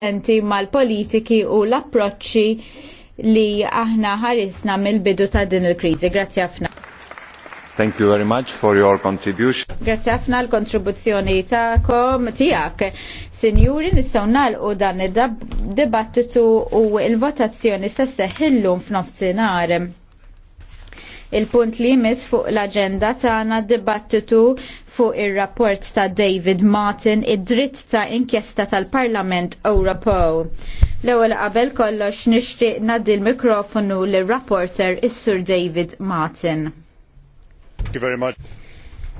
differenti mal-politiki u l-approċċi li aħna ħarisna mill-bidu ta' din il-kriżi. Grazzi ħafna. Thank you very much for your contribution. Grazzi ħafna l-kontribuzzjoni ta'kom tiegħek. Sinjuri nistgħu nagħlqu dan id-dibattitu u l-votazzjoni se seħħillum f'nofsinhar. Il-punt li jmiss fuq l-agenda tagħna dibattitu fuq ir-rapport ta' David Martin id-dritt ta' inkjesta tal-Parlament Ewropew. L-ewwel qabel kollox nixtieq ngħaddi l-mikrofonu lir-rapporter is-Sur David Martin. Thank you very much.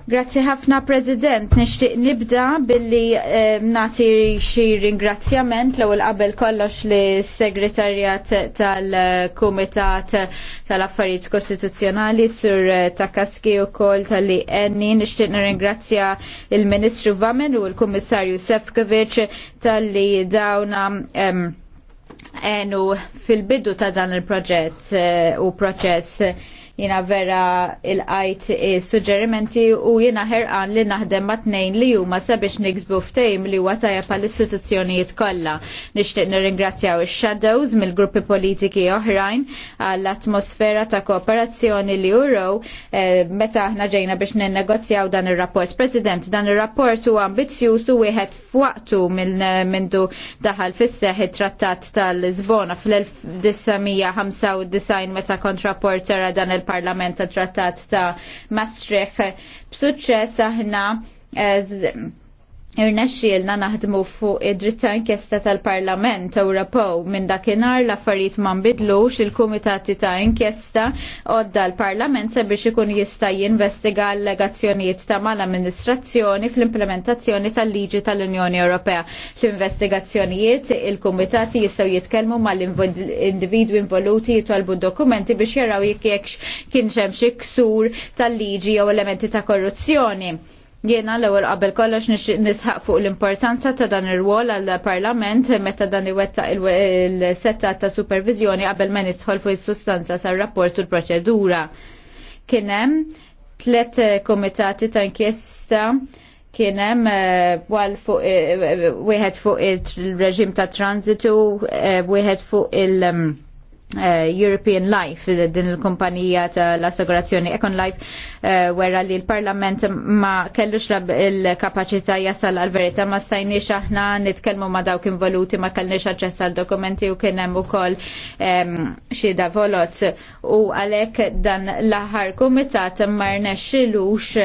Grazzi ħafna President, nixtieq nibda billi nati eh, nagħti xi ringrazzjament l ewwel qabel kollox li segretarjat tal-Kumitat tal-Affarijiet Kostituzzjonali sur Takaski wkoll tal-li enni nixtieq nirringrazzja il-Ministru Vamen u l-Kummissarju Sefkovic tal-li dawna enu fil-bidu ta' dan il-proġett eh, u proċess Jina vera il-għajt suġġerimenti u jina ħerqan li naħdem ma' tnejn li huma sabiex niksbu ftejm li huwa pal-istituzzjonijiet kollha. Nixtieq nirringrazzjaw ix-shadows mill-gruppi politiki oħrajn għall-atmosfera ta' kooperazzjoni li uraw eh, meta aħna ġejna biex ninnegozjaw dan ir-rapport. President, dan ir-rapport huwa ambizzjuż u wieħed f'waqtu minn mindu daħal fis-seħ it-trattat tal-Lisbona fl-1995 meta kontraportera dan il il parlament ta' Trattat ta' Maastricht. B'suċċess aħna eh, Irnexxielna naħdmu fuq id dritta inkjesta tal-Parlament Ewropew minn dakinhar l-affarijiet ma nbidlux il-kumitati ta' inkjesta għodda l-Parlament sabiex ikun jista' jinvestiga allegazzjonijiet ta' mal-amministrazzjoni fl-implementazzjoni tal-liġi tal-Unjoni Ewropea. Fl-investigazzjonijiet il-kumitati jistgħu jitkellmu mal-individwi involuti jitolbu dokumenti biex jaraw jekk kienx hemm xi ksur tal-liġi jew elementi ta' korruzzjoni Jiena l-ewwel qabel kollox nisħaq fuq l-importanza ta' dan ir-rwol għall-Parlament meta dan iwetta il-setta ta' supervizjoni qabel ma nidħol fuq is-sustanza tar-rapport u l-proċedura. Kien hemm tliet eh, komitati ta' inkjesta kien hemm eh, wal fuq eh, wieħed fuq il-reġim ta' transitu, wieħed fuq il- mm, Eh, European Life, din il-kumpanija tal assegurazzjoni Econ Life, eh, wera li l-Parlament ma kellux il kapacita jasal għal-verita, ma stajniex aħna nitkelmu ma dawk involuti, ma kellniex aċċess għal-dokumenti u kienem u koll xida volot. U għalek dan l-aħar kumitat ma rnexxilux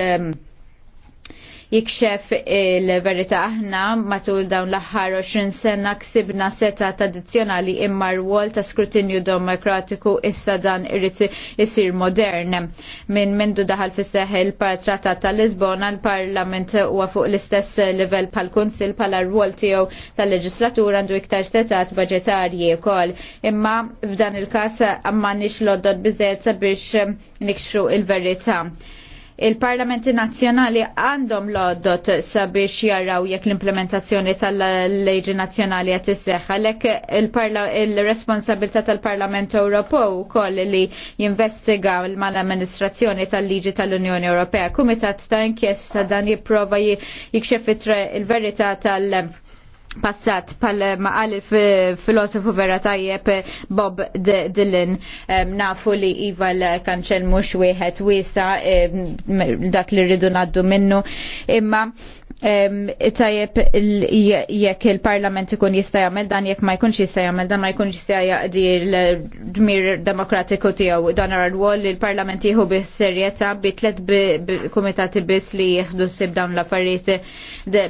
jikxef il-verità aħna matul dawn l-aħħar 20 sena ksibna seta tradizzjonali imma rwol ta' skrutinju demokratiku issa dan irrid isir modern. Min mindu daħal fis seħħ il-Trattat tal Lisbona l-Parlament huwa fuq l-istess livell pal-Kunsil pala rwol tiegħu tal-leġislatura għandu iktar setat u wkoll. Imma f'dan il-każ ma nix loddot biżgħet sabiex nikxru il-verità il-parlamenti nazzjonali għandhom l għoddot sabiex jarraw jekk l-implementazzjoni tal-leġi nazzjonali qed isseħħ għalhekk il-responsabilità tal-Parlament Ewropew ukoll li jinvestiga mal-amministrazzjoni tal-liġi tal-Unjoni Ewropea. Kumitat ta' inkjesta dan jipprova jikxef il-verità tal- passat pal maqal filosofu vera tajjeb Bob Dylan nafu li Iva l-kanċel mux wieħed wisa dak li rridu naddu minnu imma tajjeb jekk il-Parlament ikun jista' jagħmel dan jekk ma jkunx jista' jagħmel dan ma jkunx jista' jaqdir l-dmir demokratiku tiegħu dan ara rwol li l-Parlament jieħu bi serjetà bi tliet kumitati biss li jieħdu ssib dawn l-affarijiet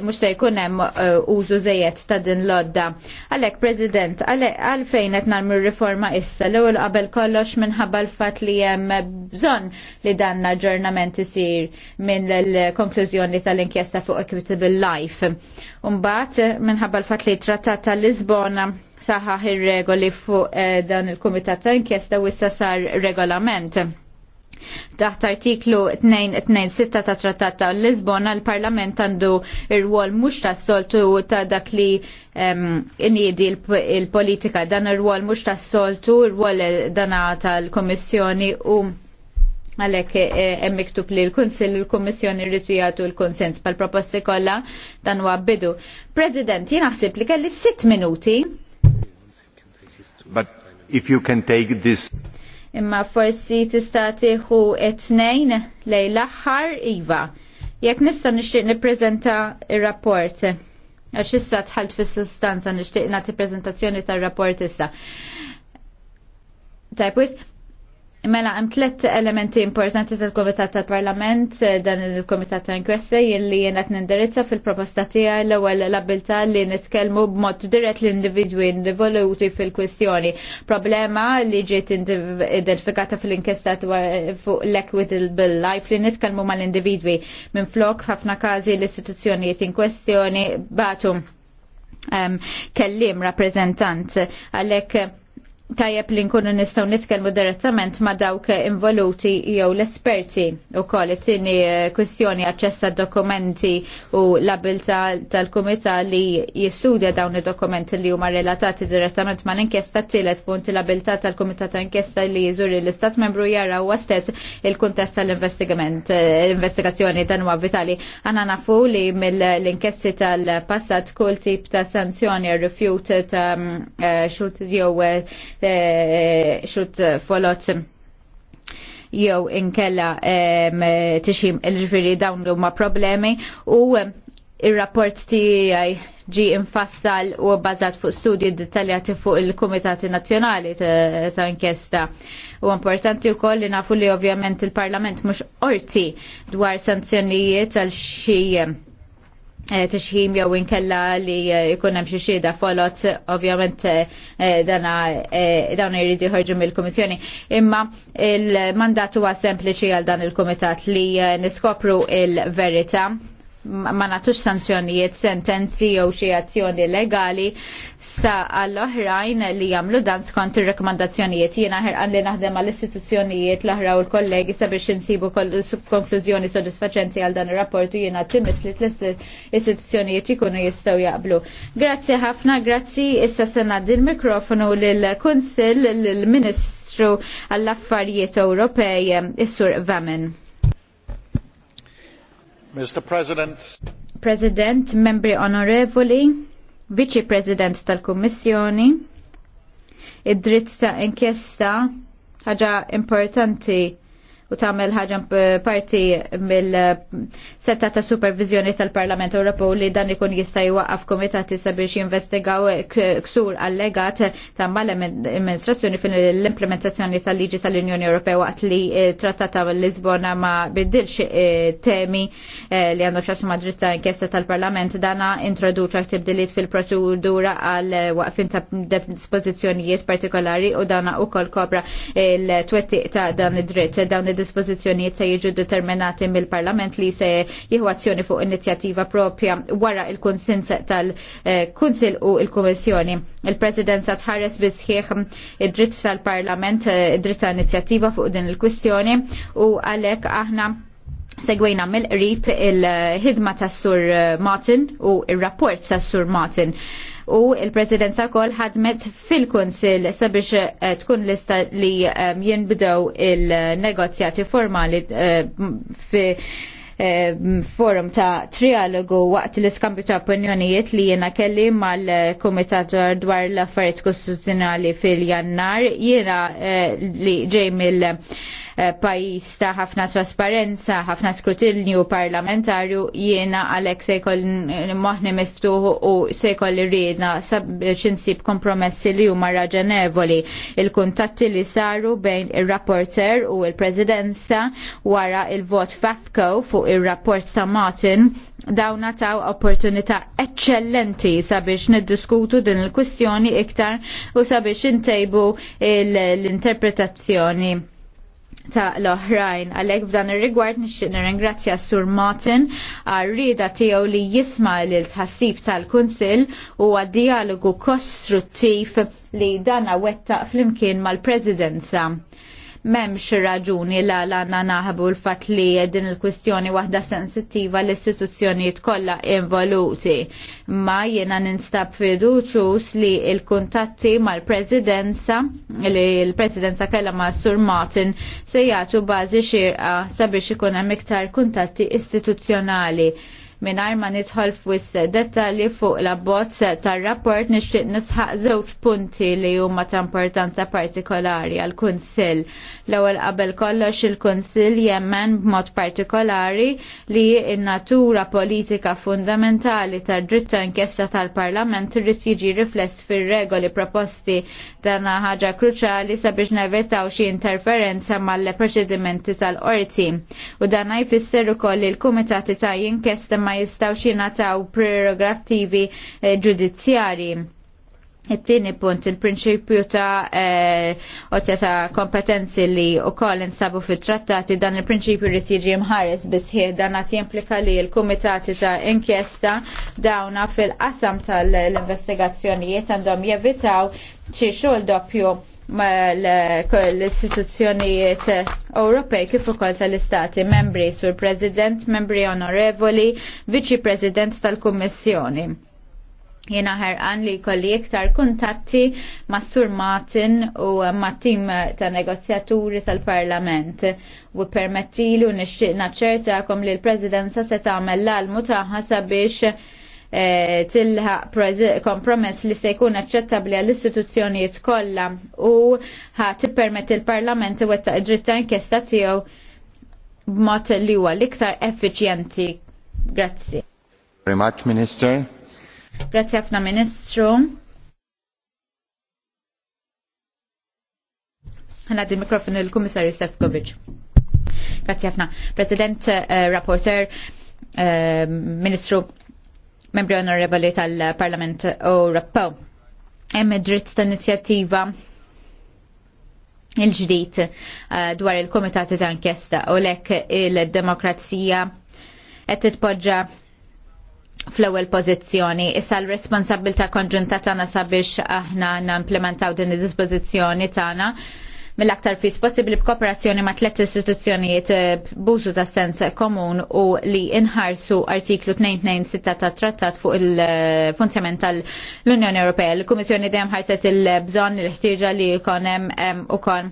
mhux se jkun hemm eh, użu żejjed ta' din l-odda. Għalhekk President, għalfejn qed nagħmlu riforma issa l-ewwel qabel kollox minħabba l-fatt li hemm bżonn li dan l-aġġornament isir minn l-konklużjoni tal-inkjesta fuq Charitable Life. Umbat, minħabba l-fat li trattat ta' Lisbona saħaħ ir-regoli fuq eh, dan il-Kumitat ta' inkjesta u issa sar regolament. Taħt artiklu 226 ta' Trattat ta' Lisbona, l-Parlament għandu ir-rwol mhux tas soltu ta' dak li inidi l-politika, dan ir-rwol mhux tas soltu, ir-rwol eh, dana tal komissjoni u għalek eh, eh, hemm miktub li l-Kunsill l-Kummissjoni rridu jagħtu l-konsens pal-proposti kollha dan huwa bidu. President, jien naħseb li kelli sitt minuti. But if you can take this Imma forsi tista' tieħu tnejn lejn l-aħħar iva. Jekk nista' nixtieq nippreżenta r-rapport għax issa tħalt fis-sustanza nixtieq nagħti preżentazzjoni tar-rapport issa. Tajb, Mela, hemm tliet elementi importanti tal-Komitat tal-Parlament, eh, dan il-Komitat ta' inkwessa jilli jena t-nindirizza fil-proposta tiegħi l ewwel l-abilta li nitkellmu b'mod dirett l-individwi involuti fil kwestjoni Problema li ġiet identifikata fil-inkesta fuq l-equitable bil-life li nitkellmu mal-individwi minn flok ħafna każi l-istituzzjonijiet in kwestjoni batum. Ehm, um, kellim rappreżentant għalhekk tajjeb li nkunu nistgħu nitkellmu direttament ma' dawk involuti jew l-esperti wkoll it-tieni eh, kwistjoni aċċess dokumenti u l-abilta tal-kumita li jistudja dawn id-dokumenti li huma relatati direttament ma' l-inkjesta t-tielet punti l-abilta tal-kumita ta' inkjesta li jizuri l-istat membru jara u stess il-kuntest tal-investigament eh, investigazzjoni dan huwa vitali. Għana nafu li mill-inkjesti tal-passat kull tip ta' sanzjoni rifjut ta' mm, eh, xult jew Eh, xut folot jew inkella tixim il-ġifiri dawn huma problemi u il-rapport tiegħi ġi infassal u bbażat fuq studji dettaljati fuq il-Kumitati Nazzjonali ta' inkjesta. U importanti wkoll li nafu li ovvjament il-Parlament mhux qorti dwar sanzjonijiet għal xi Eh, tixħim jew inkella li jkun eh, hemm xi xhieda folot ovvjament eh, dana dawn jridu jħorġu mill-Kummissjoni. Imma il-mandat huwa sempliċi għal dan il-Kumitat li niskopru il-verità ma natux sanzjonijiet, sentenzi jew xi azzjoni legali sa għall-oħrajn li jagħmlu dan skont ir-rekomandazzjonijiet. Jiena ħerqan li naħdem għall istituzzjonijiet l-oħra u l-kollegi sabiex insibu konklużjoni sodisfaċenti għal dan ir-rapport u jiena timis li l-istituzzjonijiet ikunu jistgħu jaqblu. Grazzi ħafna, grazzi issa sena din mikrofonu lill-Kunsill lill-Ministru għall-Affarijiet Ewropej, is-Sur Vamen. Mr. President. President, membri onorevoli, Vice President tal-Kummissjoni, id-dritt ta' inkjesta ħaġa importanti u tagħmel ħaġa parti mill-setta ta' supervizjoni tal-Parlament Ewropew li dan ikun jista' jwaqqaf komitati sabiex jinvestigaw ksur allegat ta' mal-amministrazzjoni fin l-implementazzjoni tal-liġi tal-Unjoni Ewropea waqt li e, trattata l-Lisbona ma biddilx e, temi e, li għandu xasum dritta inkjesta tal-Parlament dana introduċa tibdiliet fil-proċedura għal waqfin ta' dispożizzjonijiet partikolari u dana u kol kopra il-twettiq ta' dan id-dritt dispożizzjonijiet se jiġu determinati mill-Parlament li se jieħu azzjoni fuq inizjattiva propja wara il kunsins tal-Kunsil eh, u il-Kummissjoni. Il-Presidenza tħares bisħieħ id-dritt tal-Parlament, id-dritt eh, tal-inizjattiva fuq din il-kwistjoni u għalhekk aħna segwejna mill-qrib il-ħidma tas Sur Martin u il-rapport tas Sur Martin u il-presidenza kol ħadmet fil-kunsil sabiex eh, tkun lista li eh, jinbdew il-negozjati formali eh, fi forum ta' trialogu waqt l-iskambju ta' opinjonijiet li jena kelli mal-Komitat dwar l-affarijiet kostituzzjonali fil-Jannar jena li ġej mill- Eh, pajjiż ta' ħafna trasparenza, ħafna skrutinju parlamentarju jiena għalhekk se jkoll moħni miftuħ u se jkoll irridna sabiex insib kompromessi li huma raġenevoli il-kuntatti li saru bejn ir-rapporter u il-presidenza wara il-vot FAFCO fuq ir-rapport ta' Martin dawna nataw opportunità eccellenti sabiex niddiskutu din il-kwistjoni iktar u sabiex intejbu l-interpretazzjoni ta' l-oħrajn. Għalhekk f'dan ir-rigward nixtieq nirringrazzja Sur Martin għar-rieda tiegħu li jisma' lil tħassib tal-Kunsill u għad-dialogu kostruttiv li dan wettaq flimkien mal-Presidenza memx raġuni la l-għanna naħbu l-fat li din il-kwistjoni wahda sensittiva l-istituzzjonijiet kollha involuti. Ma jena ninstab fiduċus li il-kontatti mal-presidenza li l-presidenza kella ma' Sur Martin se jagħtu bażi xirqa sabiex ikun hemm iktar kuntatti istituzzjonali. Mingħajr ma nidħol f'wis dettalji fuq la bozz tar-rapport nixtieq nisħaq żewġ punti li huma ta' importanza partikolari għal kunsill L-ewwel qabel kollox il-Kunsill jemmen b'mod partikolari li n-natura politika fundamentali tad-dritt ta' inkjesta tal-Parlament irrid jiġi rifless fir-regoli proposti dan ħaġa kruċali sabiex nevetaw xi interferenza mal-proċedimenti tal-qorti. U dan jfisser ukoll il-kumitati ta' jinkjesta ma ma jistawx jingħataw prerogattivi eh, ġudizzjari. It-tieni punt il-prinċipju ta' eh, otja ta' kompetenzi li u koll insabu fit-trattati dan il-prinċipju li tiġi mħares bisħi dan għat jimplika li l-kumitati ta' inkjesta dawna fil-qasam tal-investigazzjonijiet għandhom jevitaw xi xogħol doppju l-istituzzjonijiet Ewropej kif ukoll tal-istati membri sur President, membri onorevoli, Viċi President tal-Kummissjoni. Jena ħerqan li kolli iktar kuntatti ma' Sur Martin u ma' tim ta' negozjaturi tal-Parlament u permettilu nixtieq naċċertakom li l-Presidenza se tagħmel l-almu tagħha sabiex Eh, Tilha kompromess li se jkun aċċettabbli għall istituzzjonijiet kollha u ħa tippermet il-Parlament wetta id-dritta inkjesta tiegħu b'mod li huwa l-iktar effiċjenti. Grazzi. Very much, Minister. Grazzi ħafna Ministru. Għanad il-mikrofon il-Kummissarju Sefkovic. Grazzi ħafna. President, uh, eh, Rapporteur, uh, eh, Ministru, membri onorevoli tal-Parlament Ewropew. Hemm id-dritt ta' inizjattiva il-ġdid eh, dwar il kumitati ta' inkjesta u lek il-demokrazija qed titpoġġa fl-ewwel pożizzjoni. Issa l-responsabilità konġunta tagħna sabiex aħna nimplementaw din id-dispożizzjoni tagħna mill-aktar fis possibbli b'kooperazzjoni ma' tliet istituzzjonijiet eh, b'użu ta' sens komun u li inħarsu artiklu 296 ta' trattat fuq il-funzjament eh, tal-Unjoni Ewropea. Il-Kummissjoni dejjem ħarset il-bżonn il-ħtieġa li jkun hemm ukoll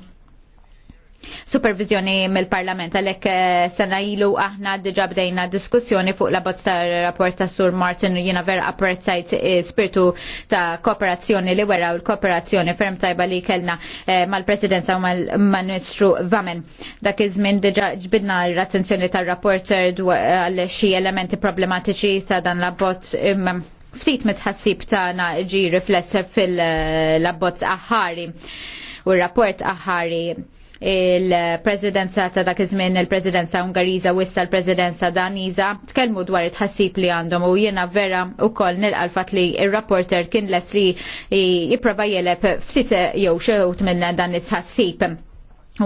supervizjoni mill-Parlament għalhekk eh, sena ilu aħna diġà bdejna diskussjoni fuq la bozza rapport ta' Sur Martin jiena vera apprezzajt eh, spiritu ta' kooperazzjoni li wera u l-kooperazzjoni ferm tajba li kellna eh, mal-Presidenza u mal-Ministru Vamen. Dak iż-żmien diġà ġbidna l-attenzjoni tar-rapporter għal xi elementi problematiċi ta' dan la bot ftit mitħassib tagħna ġi rifless fil-labbozz aħari u r-rapport aħari il-presidenza ta' dak iż-żmien il-presidenza Ungariża u issa l-presidenza Daniża tkellmu dwar it-ħassib li għandhom u jiena vera wkoll nilqalfat li ir-rapporter kien les li jipprova jeleb ftit jew xeħut minn dan it-ħassib.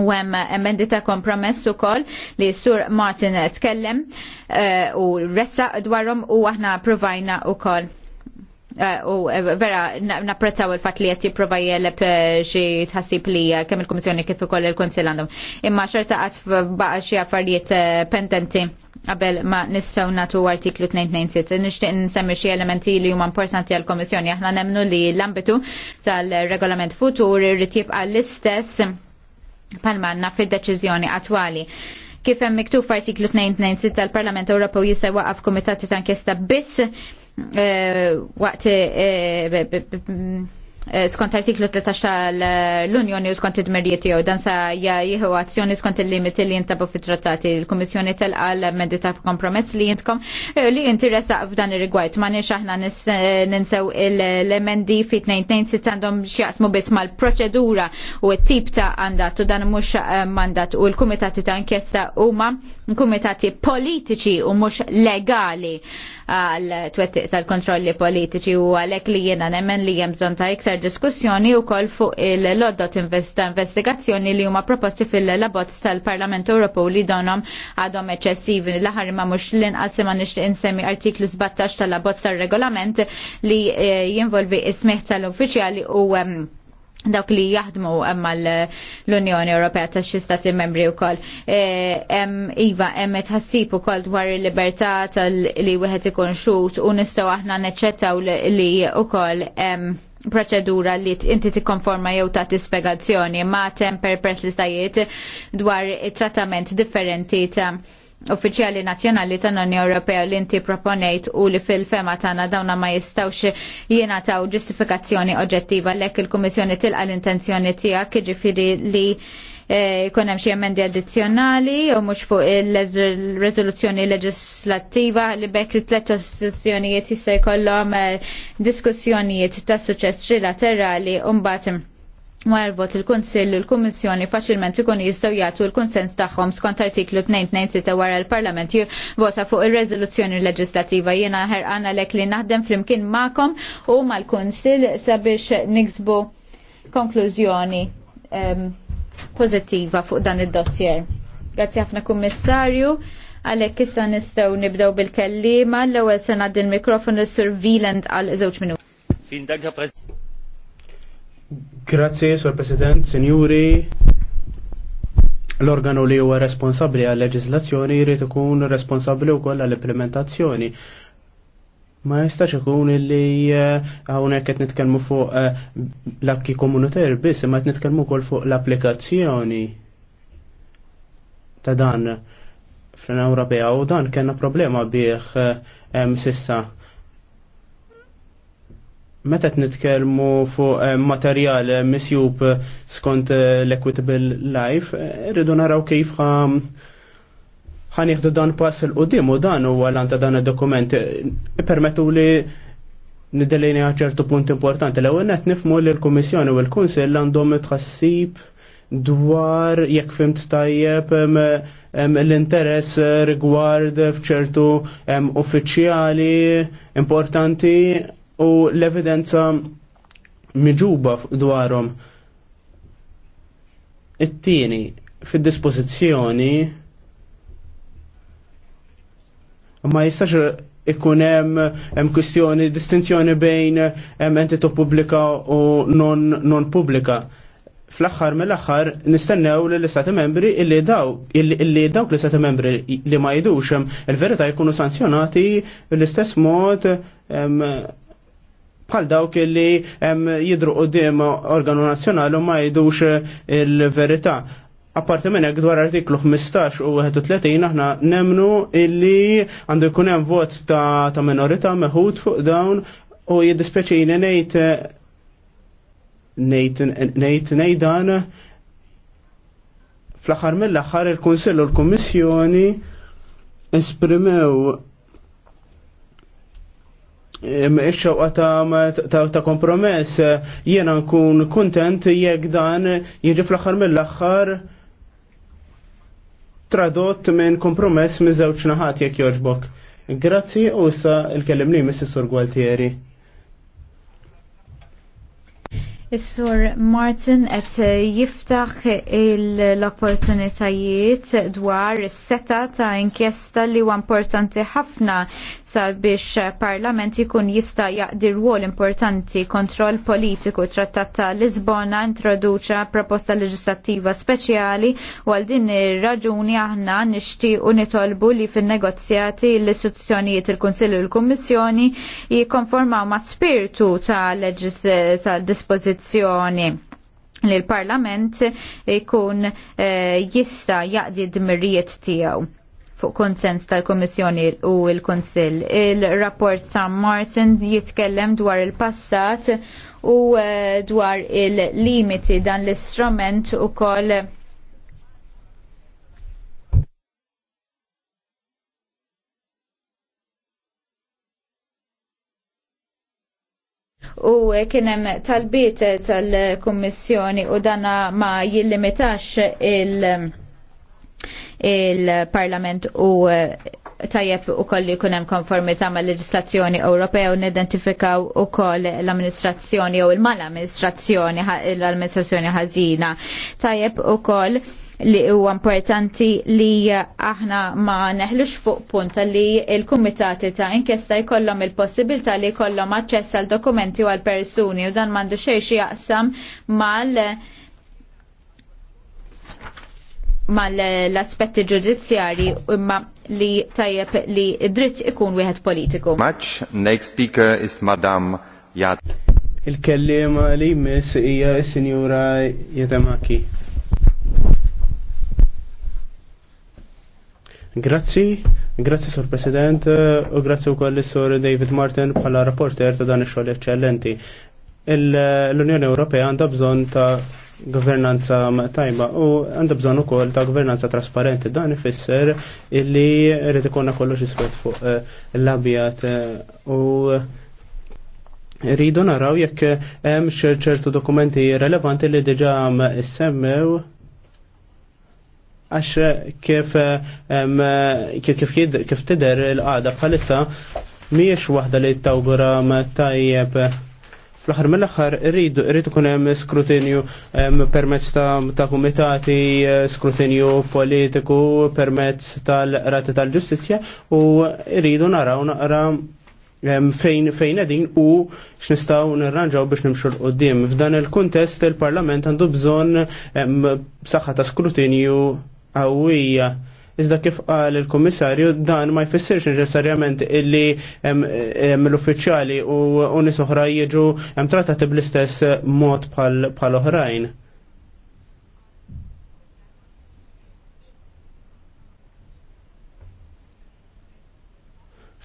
U hemm emendi ta' kompromess ukoll li Sur Martin tkellem eh, u ressa dwarhom u aħna provajna wkoll. Eh, u eh, vera napprezzaw il-fat li qed jipprova jeleb eh, xi tħassib li kemm il komissjoni kif ukoll il konsil għandhom. Imma xerta għat baqa' xi affarijiet pendenti qabel ma nistgħu nagħtu artiklu 296. Nixtieq nsemmi xi elementi li huma importanti għall komissjoni Aħna nemnu li l-ambitu tal-regolament futur irid jibqa' l-istess palmanna fid-deċiżjoni attwali kif hemm miktub f'artiklu 296 tal-Parlament Ewropew jista' waqaf komitati ta' inkjesta biss Eh, waqt eh, Eh, skont artiklu 13 tal-Unjoni u skont id-merjiet tiegħu dan sa jieħu azzjoni skont il-limiti li jintabu fit-trattati. Il-Kummissjoni telqa l-emendi ta' kompromess li jintkom eh, li jinti f'dan ir-rigward. Ma nix aħna ninsew l-emendi fi 226 għandhom x'jaqsmu biss mal-proċedura u t-tip ta' għandat u dan mhux eh, mandat u l-kumitati ta' inkjesta huma kumitati politiċi u mhux legali għal twettiq tal-kontrolli politiċi u għalhekk li jiena nemmen li hemm bżonn ta' iktar ser diskussjoni wkoll fuq il-loddot ta' investigazzjoni li huma proposti fil-labozz tal-Parlament Ewropew li donhom għadhom eċessivi l-aħar ma mhux l-inqas ma nixtieq insemmi artiklu 17 tal-labozz tar-regolament li eh, jinvolvi ismeħ tal-uffiċjali u dawk li jaħdmu emma l-Unjoni Ewropea ta' xi stati membri wkoll. Hemm eh, iva hemm tħassib ukoll dwar il-libertà tal li wieħed ikun xut u nistgħu aħna neċċettaw li wkoll hemm proċedura li inti tikkonforma jew ta' spiegazzjoni ma' tem li listajiet dwar trattament differenti ta' uffiċjali nazzjonali ta' Unjoni Ewropea li inti proponejt u li fil-fema tagħna dawna ma jistgħux jiena taw ġustifikazzjoni oġġettiva lek il-Kummissjoni tilqa l-intenzjoni tiegħek jiġifieri li Eh, jkun hemm xi emendi addizzjonali u mhux fuq il-riżoluzzjoni leġislattiva li bekk li tliet istituzzjonijiet jista' jkollhom eh, diskussjonijiet ta' suċċess trilaterali u mbagħad Wara vot il-Kunsill u l-Kummissjoni faċilment ikun jistgħu jagħtu l-kunsens tagħhom skont artiklu 226 wara l-Parlament jivvota fuq ir-reżoluzzjoni leġislattiva jiena ħerqana lek li naħdem flimkien magħkom u mal-Kunsill sabiex niksbu konklużjoni. Um, pozittiva fuq dan id-dossier. Grazzi ħafna kummissarju, għalek issa nistaw nibdaw bil-kellima, l-ewel sena din mikrofonu surveillant għal żewġ minuti. Grazzi, Sor President, Senjuri, l-organu li huwa responsabbli għal leġislazzjoni jrid ikun responsabbli wkoll għall implementazzjoni Ma jistax ikun li eh, hawnhekk qed nitkellmu fuq eh, l-akki komunitar biss imma qed nitkellmu wkoll fuq l-applikazzjoni ta' dan fl Ewropea u dan kellna problema biħ eh, sissa. Meta qed nitkellmu fuq materjal misjub skont l-Equitable Life, irridu naraw kif ħanieħdu dan pass il-qudiem u dan huwa lan dan id-dokument permettu li nidelinja ċertu punt importanti l għennet nifmu li l-Komissjoni u l-Kunsill għandhom tħassib dwar jekk fimt tajjeb l-interess rigward fċertu uffiċjali importanti u l-evidenza miġuba dwarhom. It-tieni fid-dispożizzjoni ma jistax ikun hemm hemm kwistjoni distinzjoni bejn hemm entità pubblika u non, non pubblika. Fl-aħħar mill-aħħar nistennew li l-istati membri illi daw illi dawk l-istati membri li ma jidux il-verità jkunu sanzjonati l-istess mod bħal dawk illi jidru qudiem organu nazzjonali u ma jidux il-verità. Apparti minn hekk dwar artiklu 15 u 31 aħna nemnu illi għandu jkun hemm vot ta', ta minorità meħud fuq dawn u jiddispjaċini ngħid ngħid ngħid dan fl-aħħar mill-aħħar il-Kunsill u l-Kummissjoni esprimew Ix-xewqa ta' kompromess jiena nkun kuntent jekk dan jiġi fl-aħħar mill-aħħar tradott minn kompromess minn żewġ naħat jekk joġbok. Grazzi u issa il-kellim li Mrs. Sur Gualtieri. Is-sur Martin qed jiftaħ l-opportunitajiet dwar is-seta ta' inkjesta li huwa importanti ħafna biex parlament jikun jista' jaqdi rwol importanti kontroll politiku trattat ta' Lisbona introduċa proposta leġislattiva speċjali u għal din ir-raġuni aħna nixtiequ nitolbu li fin-negozjati l-istituzzjonijiet il-Kunsill u l-Kummissjoni jikkonformaw ma' spiritu ta' leġis dispożizzjoni li l-Parlament ikun eh, jista jaqdi d-dmirijiet tiegħu fuq konsens tal-Komissjoni u l-Konsil. Il-rapport ta' Martin jitkellem dwar il-passat u eh, dwar il-limiti dan l-istrument u kol u eh, kienem tal-biet tal-Kommissjoni u dana ma jillimitax il- il-Parlament u tajjeb u koll jkun hemm konformità mal leġislazzjoni Ewropea u nidentifikaw ukoll l-amministrazzjoni jew il-mal-amministrazzjoni l-amministrazzjoni ħażina. Tajjeb ukoll li huwa importanti li aħna ma neħlux fuq punta li il-kumitati ta' inkjesta jkollhom il-possibilità li jkollhom aċċess għal dokumenti u għal persuni u dan mandu xejn jaqsam mal- mal-aspetti ġudizzjari imma li tajjeb li dritt ikun wieħed politiku. Much, next speaker is Madam Yad. Il-kellim li jmiss hija s-Sinjura Jatamaki. Grazzi, grazzi Sur President u grazzi wkoll is sur David Martin bħala rapporter ta' dan ix-xogħol eċċellenti l-Unjoni Ewropea għandha bżonn ta' governanza tajba u għandha bżonn ukoll ta' governanza trasparenti dan ifisser illi rrid ikonna kollox iswed fuq eh, l-abjat eh, u rridu naraw jekk eh, hemm ċertu dokumenti relevanti li diġà issemmew għax kif kif kif tidher il qada bħalissa miex waħda li tawgura tajjeb fl-aħħar mill-aħħar rridu rridu ikun hemm skrutinju permezz ta' kumitati, eh, skrutinju politiku permezz tal-rati tal-ġustizzja u rridu naraw naqra fejn fejn qegħdin u x'nistgħu nirranġaw biex nimxu l qudiem F'dan il-kuntest il-Parlament għandu bżonn saħħa ta' skrutinju qawwija Iżda kif qal il-Kummissarju dan ma jfissirx neċessarjament illi l-uffiċjali u nies oħra jiġu hemm trattati bl-istess mod bħal oħrajn.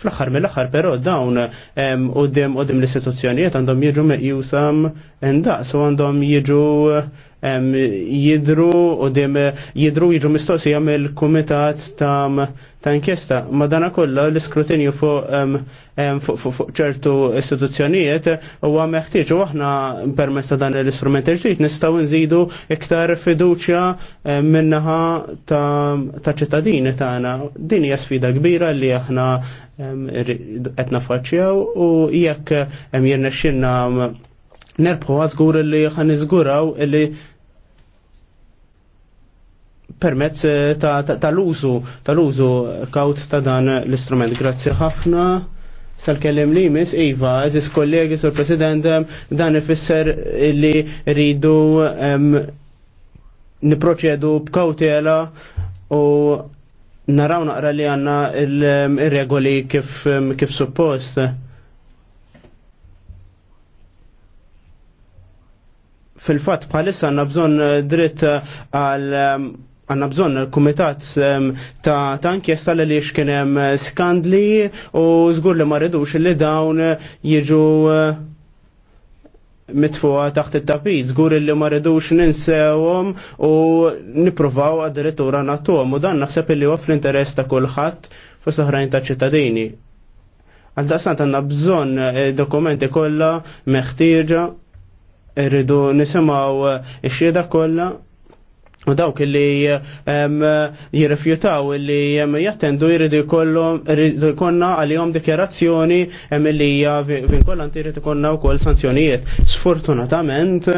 Fl-axar mill-axar però dawn u dim l-istituzzjonijiet għandhom jiġu meqjusam endaqs u għandhom jiġu jidru u dim jidru jiġu mistoqsija mill kumitat ta' ta' inkjesta. dana kollha l-iskrutinju fuq ċertu istituzzjonijiet huwa meħtieġ u aħna permezz ta' dan l-istrument il-ġdid nistgħu nżidu iktar fiduċja minnaħa ta' ċittadini tagħna. Din hija sfida kbira li aħna qed nafaċċjaw u jekk hemm jirnexxinna nerbħu għazgur li ħan izguraw li permezz tal-użu eh, ta, ta kaut ta' dan l-istrument. Grazzi ħafna sal kellim li mis, Iva, eżis kollegi, sur president, dan ifisser li rridu niproċedu b'kautela u naraw naqra li għanna il-regoli kif, kif suppost. Fil-fat bħalissa għanna bżon dritt għal għanna bżonn il-kumitat ehm, ta' tankjesta li liex kienem eh, skandli u zgur li ma rridux li dawn eh, jiġu eh, mitfuqa taħt it-tapit, zgur li ma ninsewom ninsewhom u nippruvaw addirittura natuħom u dan naħseb li għaf fl-interess ta' kulħadd fu soħrajn ta' ċittadini. Għalda sant għanna bżonn dokumenti kollha meħtieġa irridu nisimgħu ix-xhieda kollha U dawk li jirrifjutaw li jattendu jiridu jkollna għal-jom dikjerazzjoni emilija vinkollanti jiridu jrid ikollna wkoll sanzjonijiet. Sfortunatament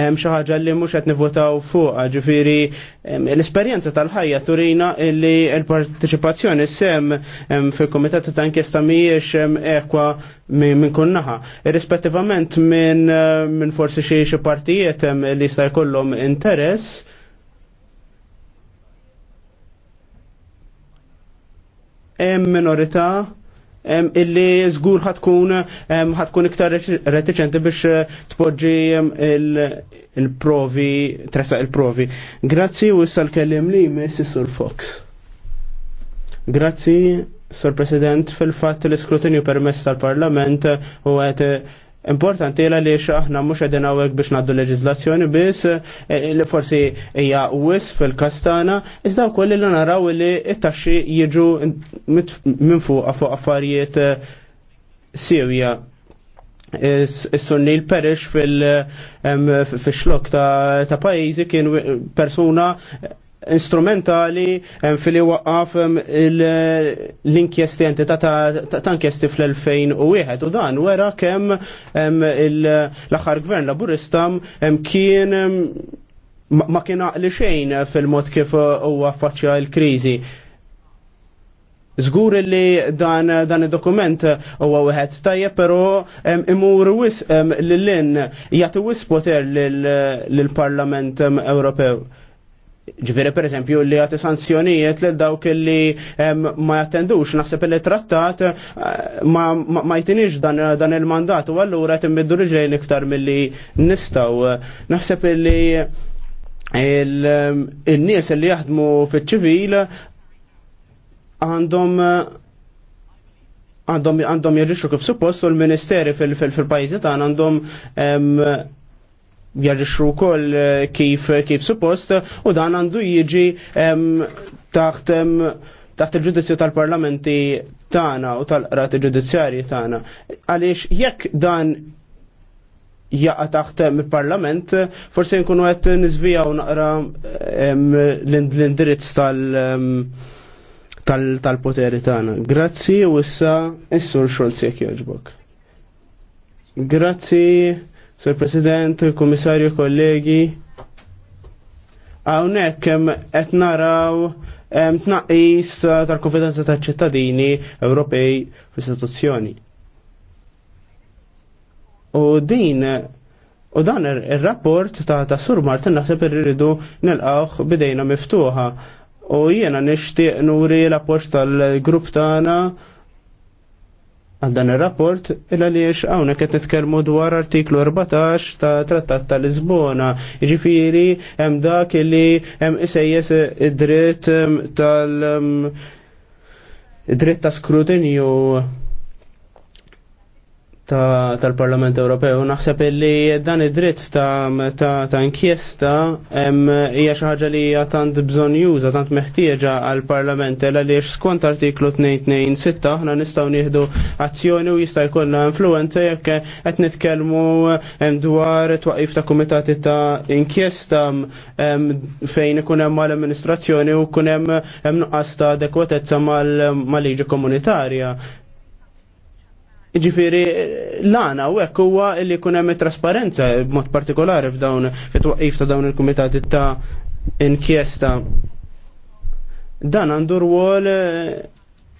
hemm xi ħaġa li mhux qed nivvotaw fuqha, ġifieri l-esperjenza tal-ħajja turina li l parteċipazzjoni sem fil-kumitat ta' inkjesta mhijiex ekwa minn kunnaħa. Irrispettivament minn min forsi xi xi partijiet li jista' jkollhom interess. Hemm minorità illi zgur ħatkun ħatkun iktar reticenti biex eh, tpoġġi il-provi, tresa il-provi. Grazzi u issa l-kellim li messi Sur Fox. Grazzi, Sur President, fil-fat l-iskrutinju permess tal-Parlament u għet Importanti la li aħna mhux għedin hawnhekk biex ngħaddu leġiżlazzjoni biss e, e, li forsi hija wis fil-kastana, iżda wkoll li naraw li t-taxxi jiġu minn fuq fuq affarijiet e, sewja. Is-sunni l-perix fil-xlok ta' pajjiżi kien persuna instrumentali fil-li waqqaf l-inkjesti entita ta' inkjesti fl-2001 u dan wera kem l-axar gvern laburista kien ma kien li xejn fil-mod kif huwa faċċja l-kriżi. Zgur li dan, dan dokument huwa wieħed tajjeb, però imur wis lil-lin jagħti wis poter lill-Parlament Ewropew. Ġviri per eżempju li għati sanzjonijiet li dawk li ma jattendux, naħseb li trattat eh, ma, ma, jtinix dan, il-mandat u għallura timmiddu rġlejn iktar mill-li nistaw. Naħseb li il-nies li jaħdmu fil-ċivil għandhom għandhom jirġiċu kif suppost u l-ministeri fil-pajjiżi tagħna għandhom jarrixxu wkoll eh, kif kif suppost u dan għandu jiġi taħt taħt il-ġudizzju tal-parlamenti tagħna u tal-qrati ġudizzjari tagħna. Għaliex jekk dan jaqa taħt il-parlament, forse nkunu qed nizvija u naqra l-indirizz tal-poteri tagħna. Grazzi u issa issur sur Xolz jekk jogħġbok. Grazzi. Sir President, Komissarju, kollegi, għawnek qed naraw tnaqqis tal-konfidenza ta' ċittadini Ewropej fl-istituzzjoni. U din u dan ir-rapport ta' ta' Sur Martin naħseb irridu nilqawh bidejna miftuħa. U jiena nixtieq nuri l-appoġġ tal-grupp tagħna għal dan ir-rapport il għaliex hawnhekk qed nitkellmu dwar artiklu 14 ta' Trattat ta' Lisbona. Jiġifieri hemm dak li hemm isejjes id-dritt tal- dritt ta' skrutinju tal-Parlament Ewropew. Naħseb illi dan id-dritt ta' inkjesta hija xi ħaġa li hija tant bżonn juża, tant meħtieġa għall parlament ela li skont artiklu 226 aħna nistgħu nieħdu azzjoni u jista' jkollna influenza jekk qed nitkellmu dwar twaqif ta' kumitati ta' inkjesta fejn ikun hemm mal-amministrazzjoni u kun hemm nuqqas ta' adekwatezza mal-liġi komunitarja Ġifiri, l-għana u għek huwa li kun hemm trasparenza b'mod partikolari f'dawn fit twaqqif ta' dawn il-kumitati ta' inkjesta. Dan għandu rwol eh,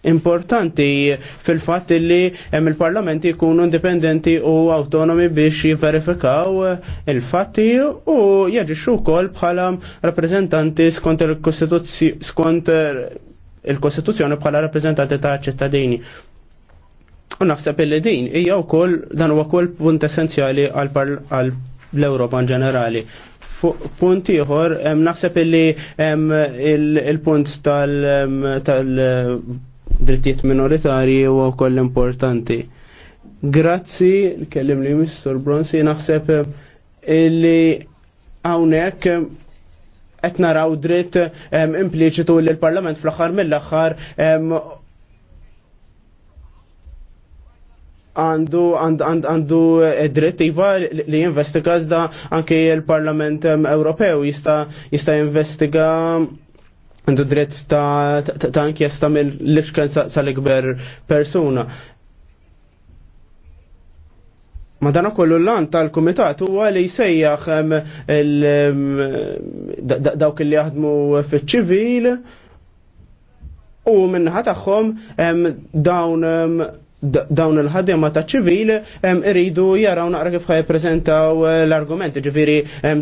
importanti fil-fatt li hemm il-parlamenti jkunu indipendenti u autonomi biex jiverifikaw eh, il-fatti u jaġixxu wkoll bħala rappreżentanti skont il-Kostituzzjoni skont eh, il-Kostituzzjoni bħala rappreżentanti ta' ċittadini. U naħseb illi din hija wkoll dan huwa wkoll punt essenzjali għal l-Ewropa in ġenerali. punt ieħor naħseb illi il-punt tal-drittijiet minoritarji huwa wkoll importanti. Grazzi, kellim li Mr. Bronsi, naħseb illi għawnek qed naraw dritt impliċitu li l-Parlament fl-aħħar mill-aħħar għandu għandu eh, direttiva li jinvestiga iżda anke l-Parlament Ewropew jista' jista' jinvestiga mm, għandu dritt ta' inkjesta mill-iċken sal-ikber persuna. Ma dan kollu l-lan tal-komitat huwa li jsejjaħ dawk li jaħdmu fiċ-ċivil u minnaħa tagħhom dawn dawn il-ħaddiema ta' ċivil iridu jaraw naqra kif ħajprezentaw eh, l-argument, ġifiri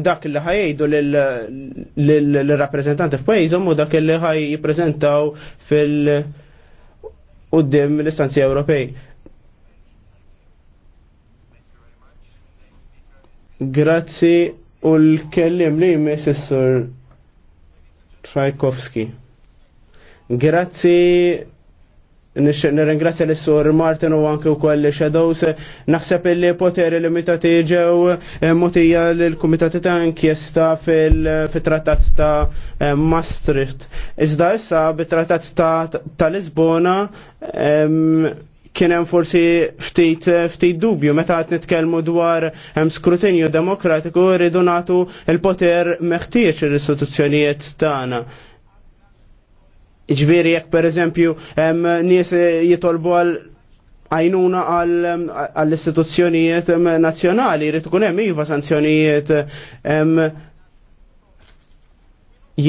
dak li ħajdu l-rappresentanti f'pajjiżhom u dak li ħaj jippreżentaw fil- qudiem l-istanzi Ewropej. Grazzi u l-kellim li Mr. Trajkowski. Grazzi Nirringrazzja l sur Martin u anke wkoll Shadows. Naħseb li poteri limitati ġew eh, motija l-Kumitat ta' inkjesta fil-trattat ta' eh, Maastricht. Iżda issa bit-trattat ta' Lisbona kien hemm forsi ftit ftit dubju meta qed nitkellmu dwar hemm skrutinju demokratiku rridu nagħtu l-poter meħtieġ l-istituzzjonijiet tagħna. Ġviri jekk per eżempju nies jitolbu għal għajnuna għall-istituzzjonijiet nazjonali, jrid ikun hemm iva sanzjonijiet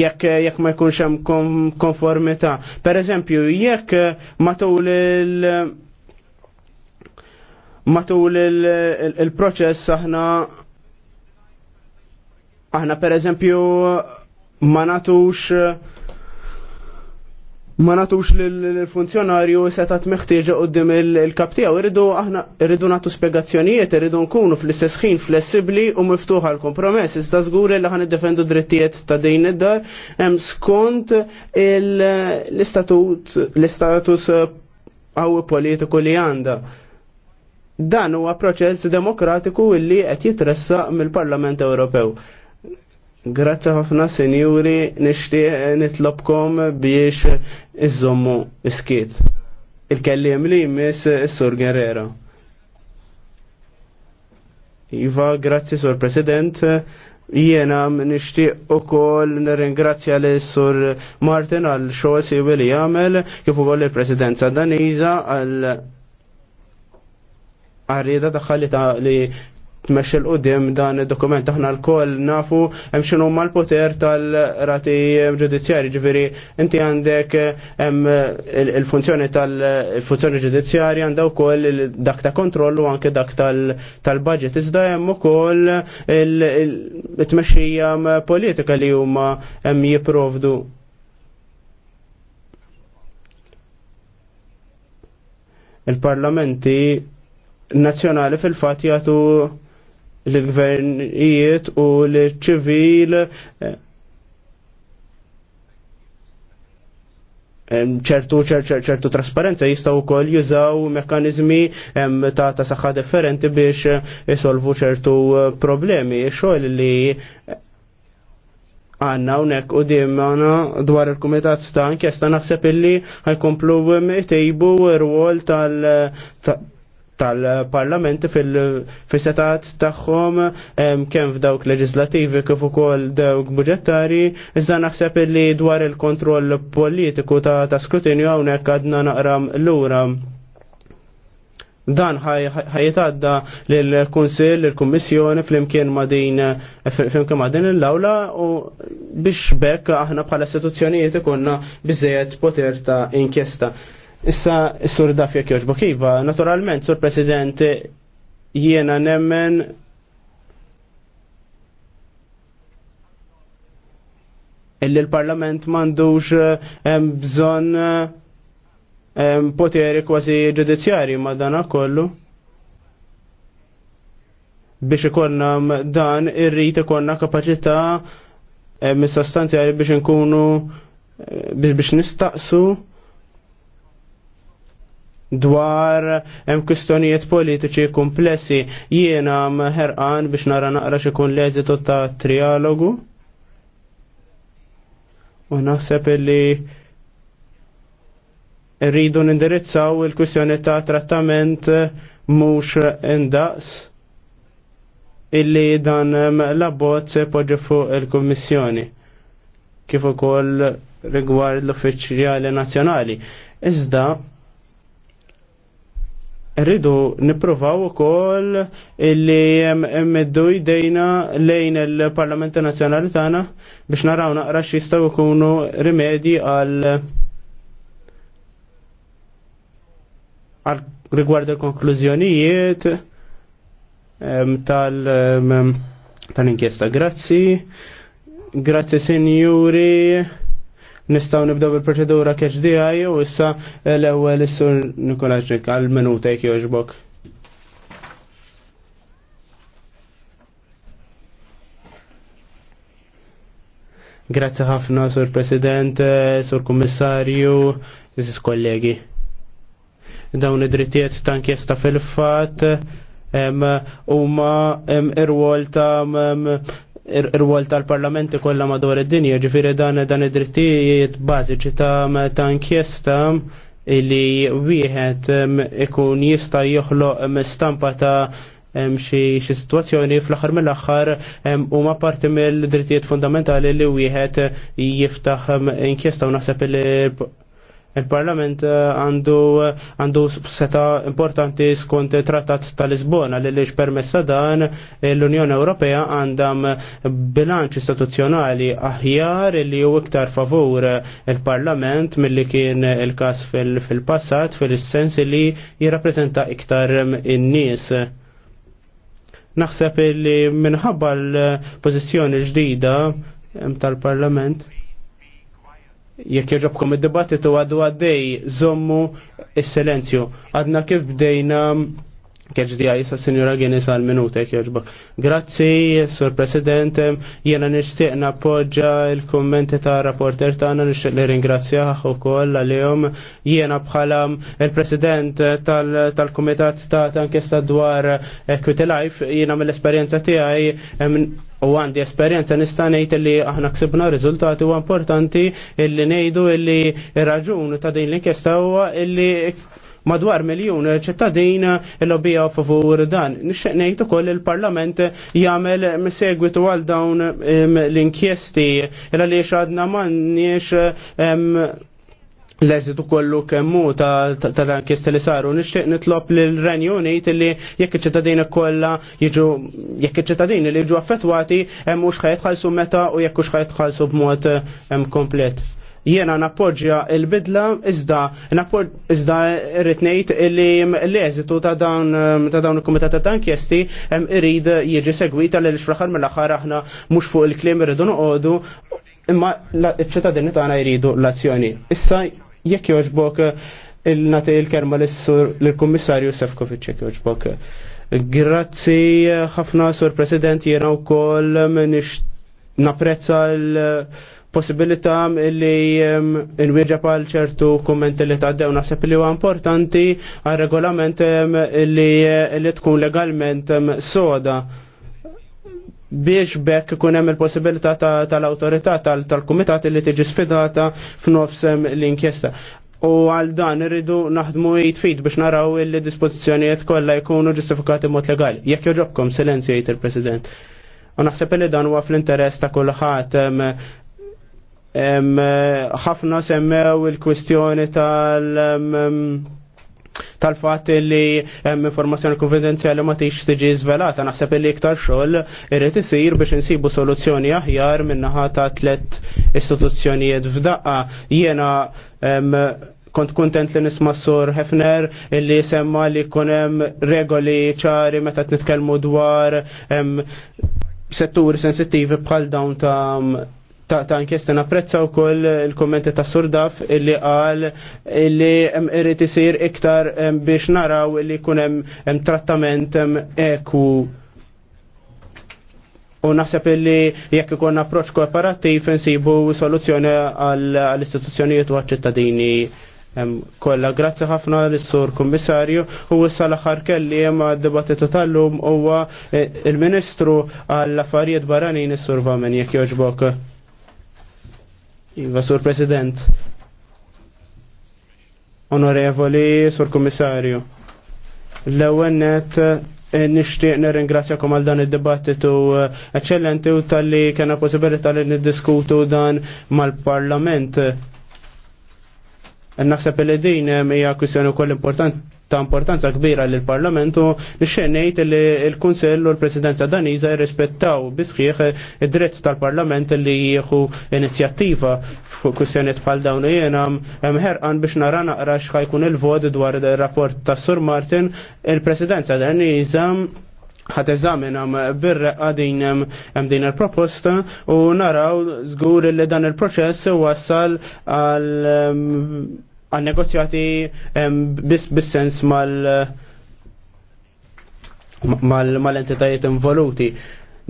jekk ma jkunx hemm konformità. Per eżempju, jekk matul il- matul il-proċess aħna aħna per eżempju ma natux ma natux l-funzjonarju setat meħtieġa qoddim il-kap tiegħu irridu aħna irridu nagħtu spjegazzjonijiet, irridu nkunu fl-istess ħin flessibbli u miftuħa l-kompromess. Iżda żgur li ħan id-defendu drittijiet ta' din id-dar hemm skont l-istatut l-istatus eh, għaw politiku li għanda. Dan huwa proċess demokratiku illi qed jitressa mill-Parlament Ewropew. Grazzi ħafna senjuri nishtiq nitlobkom biex iżommu iskiet. Il-kellim li jmiss Sur Guerrero. Iva, grazzi Sur President. Jiena nishtiq u kol nirringrazzja li Sur Martin għal xogħol siwi li jagħmel kif ukoll il-Presidenza Daniża għal għarrieda tagħha li tmexxi l qudiem dan id-dokument aħna lkoll nafu hemm x'inhu huma l-poter tal-rati ġudizzjarji, ġifieri inti għandek eh, hemm il-funzjoni tal-funzjoni ġudizzjarja għandha wkoll dak ta' kontroll u anke dak tal-budget iżda hemm ukoll it-tmexxija politika li huma hemm jipprovdu il-parlamenti nazzjonali fil-fat jagħtu l-gvernijiet u l-ċivil eh, ċertu ċertu trasparenza jistaw kol jużaw mekanizmi ta' ta' saħħa differenti biex jisolvu ċertu eh, problemi. Xoll li għanna unek u dimna dwar il-Kumitat ta' inkjesta naħseb illi ħajkomplu mitejbu r wol tal tal-parlamenti fil-setat tagħhom kemm f'dawk leġislativi kif ukoll dawk budġettari, iżda naħseb li dwar il-kontroll politiku ta' skrutinju hawnhekk għadna naqram lura dan ħajtadda l-Kunsil, l-Kommissjoni fl-imkien ma din fl-imkien ma din l-awla u biex bekk aħna bħala istituzzjonijiet ikonna bizzejet poter ta' inkjesta. Issa, s-sur dafja kjoġbok, kiva, naturalment, sur president, jiena nemmen illi l-parlament mandux eh, bżon eh, poteri kważi ġudizzjari ma dan kollu biex ikonna dan irrit ikonna kapacità eh, mis-sostanzjali biex inkunu biex nistaqsu dwar hemm kwistjonijiet politiċi komplessi jiena ħerqan biex nara naqra jkun l-eżitu ta' trialogu. U naħseb li rridu nindirizzaw il-kwistjoni ta' trattament mhux indaqs illi dan l-abbozz poġġi fuq il-Kummissjoni kif ukoll rigward l-uffiċjali nazzjonali. Iżda rridu niprovaw ukoll li immeddu jdejna lejn il-Parlament Nazzjonali tagħna biex naraw naqra x'jistgħu jkunu rimedji għal rigward il-konklużjonijiet tal tal-inkjesta. Grazzi, grazzi Signuri. Nistaw nibdew il-proċedura keċ diħaj u issa l-ewel is-sur Nikolaġik għal-minuta jek joġbok. Grazie ħafna, Sur President, Sur Kommissarju, Ziz kollegi. Dawn id-drittijiet ta' inkjesta fil-fat huma irwol ta' ir-rwol tal-parlamenti kollha madwar id-dinja, ġifieri dan dan id-drittijiet bażiċi ta' ta' inkjesta li wieħed ikun jista' joħloq stampa ta' xi situazzjoni fl-aħħar mill-aħħar huma parti mill-drittijiet fundamentali li wieħed jiftaħ inkjesta u naħseb li Il-Parlament eh, għandu eh, għandu seta importanti skont trattat tal-Lisbona li lix permessa dan l-Unjoni Ewropea għandam bilanċ istituzzjonali aħjar li ju iktar favur il-Parlament mill-li kien il-kas fil-passat fil-sens li jirrapprezenta iktar in-nies. Naħseb li minħabba l-pozizjoni ġdida tal-Parlament jekk jirġobkom id-dibattitu għaddu għaddej, zommu il-silenzju. Għadna kif bdejna Keġ di għajsa Signora Genis għal minuta jħoġbak. Grazzi, Sur President, jena nishtiq nappoġġa il-kommenti ta' rapporter ta' għana nishtiq li ringrazzja u koll għal-jom. Jena bħala il-President tal-Komitat ta' tankesta dwar Equity Life, jena mill-esperienza għaj u għandi esperienza nistanejt li aħna ksibna rizultati u importanti illi nejdu illi raġun ta' din l-inkesta huwa illi madwar miljun ċittadin l lobija favur dan. Nixxieq ngħid ukoll il-Parlament jagħmel segwitu għal dawn l-inkjesti il għaliex għadna m'għandniex l-eżitu kollu kemmu ta' l-ankjesta li saru. Nixtieq nitlob l-Renju Unit li jekk iċ-ċittadini kollha jiġu jekk iċ li jiġu affettwati hemm mhux ħajtħallsu meta u jekk hux ħajtħallsu b'mod komplet. Jiena nappoġġja il-bidla iżda iżda irrid ngħid li l-eżitu ta' dawn ehm, ta' dawn il-kumitat ta' inkjesti hemm irid jiġi segwita lil fl-aħħar mill-aħħar aħna mhux fuq il-kliem irridu noqogħdu imma l-ċittadini tagħna jridu l-azzjoni. Issa jekk jogħġbok eh, il-nati il-kerma l-Kummissarju Sefkovic jekk jogħġbok. Grazzi ħafna sur President jiena wkoll minix napprezza l- possibilità li nwieġa pal ċertu kummenti li taddew naħseb li huwa importanti għal regolament li tkun legalment soda biex bekk kun hemm il-possibilità tal-awtorità tal-kumitat li tiġi sfidata f'nofsem l-inkjesta. U għal dan irridu naħdmu jitfid biex naraw il dispożizzjonijiet kollha jkunu ġustifikati mod legali. Jekk joġobkom jgħid il-President. U naħseb li dan huwa fl-interess ta' kulħadd Eh, ħafna semmew il-kwistjoni tal- tal-fat li hemm informazzjoni konfidenzjali ma tix tiġi żvelata naħseb li iktar xogħol irid isir biex insibu soluzzjoni aħjar minn naħa ta' tliet istituzzjonijiet f'daqqa. Jiena kont kontent li nisma' sur Hefner illi semma li jkun hemm regoli ċari meta nitkellmu dwar setturi sensittivi bħal dawn ta' ta' ta' inkjesta napprezza wkoll il-kommenti ta' Surdaf illi qal illi hemm irid isir iktar biex naraw illi jkun hemm trattament eku U naħseb illi jekk ikun approċċ kooperattiv insibu soluzzjoni għall-istituzzjonijiet u għaċ-ċittadini kolla. Grazzi ħafna l-Sur Kommissarju u issa l-aħħar kelli ma d-dibattitu tal-lum huwa eh, il-Ministru għall-Affarijiet Barranin is-Sur Vamen jekk jogħġbok. Iva, Sur President. Onorevoli, Sur Kommissarju. L-ewwel net eh, nixtieq nirringrazzjakom għal dan id-dibattitu eh, eċċellenti u tal-li kena possibilità li niddiskutu dan mal-Parlament. Eh, naħseb li din hija kwistjoni wkoll importanti ta' importanza kbira l parlamentu nixxenejt li l-Kunsell u l-Presidenza Daniza jirrispettaw bisħieħ id-dritt tal-Parlament li jieħu inizjattiva fuq bħal dawn jena hemm ħerqan biex nara naqra x'ħajkun il vod dwar ir-rapport ta' Sur Martin il-Presidenza Daniza ħat eżamina birre għadin hemm din il-proposta u naraw żgur li dan il-proċess wassal għal ehm, għan negozjati bis-sens mal-entitajiet involuti.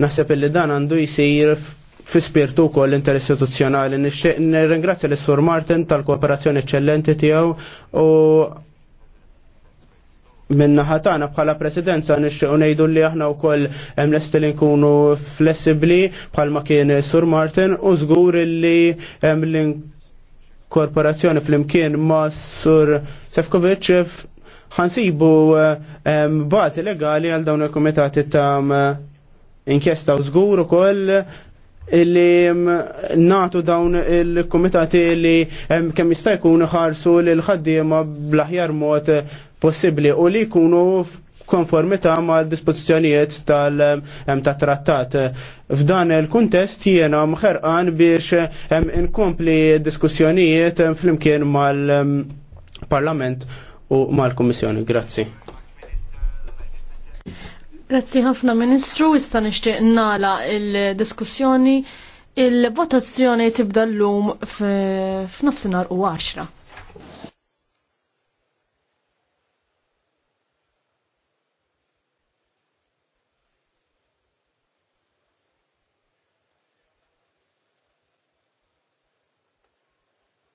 Naħseb li dan għandu jisir fi spirtu kol interistituzjonali. Nirringrazzja l sur Martin tal-kooperazzjoni eccellenti tiegħu u minna ħatana bħala presidenza nixtiequ ngħidu li aħna wkoll hemm lesti li nkunu flessibbli bħalma kien Sur Martin u żgur li hemm korporazzjoni fl-imkien ma' Sur Sefkovic ħansibu eh, bażi legali għal dawn il-komitati ta' inkjesta u u ukoll illi natu dawn il-komitati li kemm jista' jkun ħarsu l ħaddiema bl-aħjar mod possibbli u li jkunu konformità ma' dispożizzjonijiet tal-trattat. F'dan il-kuntest jiena mħerqan biex inkompli diskussjonijiet flimkien mal-Parlament u mal-Kummissjoni. Grazzi. Grazzi ħafna Ministru, issa nixtieq nala il-diskussjoni. Il-votazzjoni tibda l-lum f'nofsinhar u 10.